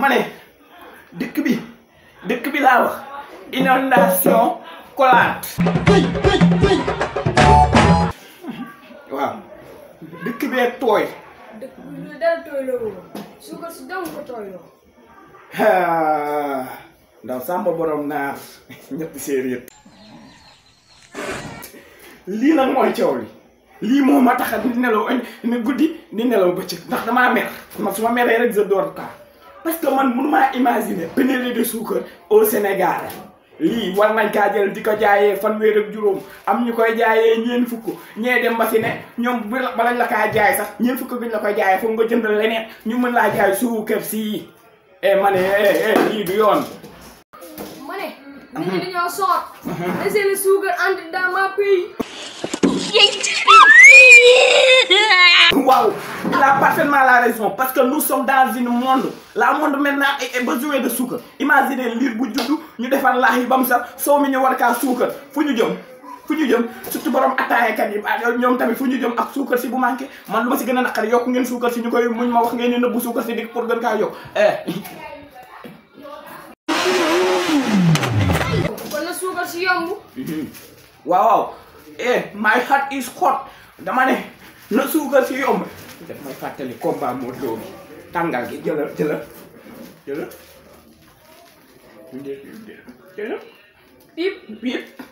ma ne dëkk bi dëkk bi laa wax inondation collante waaw dëkk bee tooy dëkk bi dara tooy la woon suukar si dong ko tooy loo ndaw sàmba borom naar ñetti séeréer lii nag mooy coow li lii moo ma tax di nelaw añ ne guddi di nelaw bëccëg ndax damaa mer ma su ma meree rek je dor tard parce que man mënumaa imaginer pénurie de sucre au Sénégal lii war nañ kaa di ko jaayee fan ak juróom am ñu koy jaayee ñeen fukk ñee dem ba si ne ñoom bu balañ jaay sax ñeen fukk biñ la koy foog nga jënd leneen ñu mën laa jaay suufu kër sii e eh, ma ne eh, eh, lii yoon ma nit ñi mhm. dañoo soor mhm. da seeni suukar entre dans ma waaw il a parfaitement la raison parce que nous sommes dans une monde la monde maintenant est besoin de suukar imaginez liir bu juddu ñu defar laax yi ba mu sax soo mi ñu war kaa suukar fu ñu jëm fu ñu jëm surtout borom attaayekat yi ñoom tamit fu ñu jëm ak suukar si bu manqué man lu ma si gën a naqar yokk ngeen suukar si ñu koy muñ ma wax ngeen nëbbu suukar si dik pour gën kaa yokk eh kon na suukar si eh, my heart is hot dama ne na suukar si yomb daf fàttali combat tàngaay gi jëlal jëlal jëlal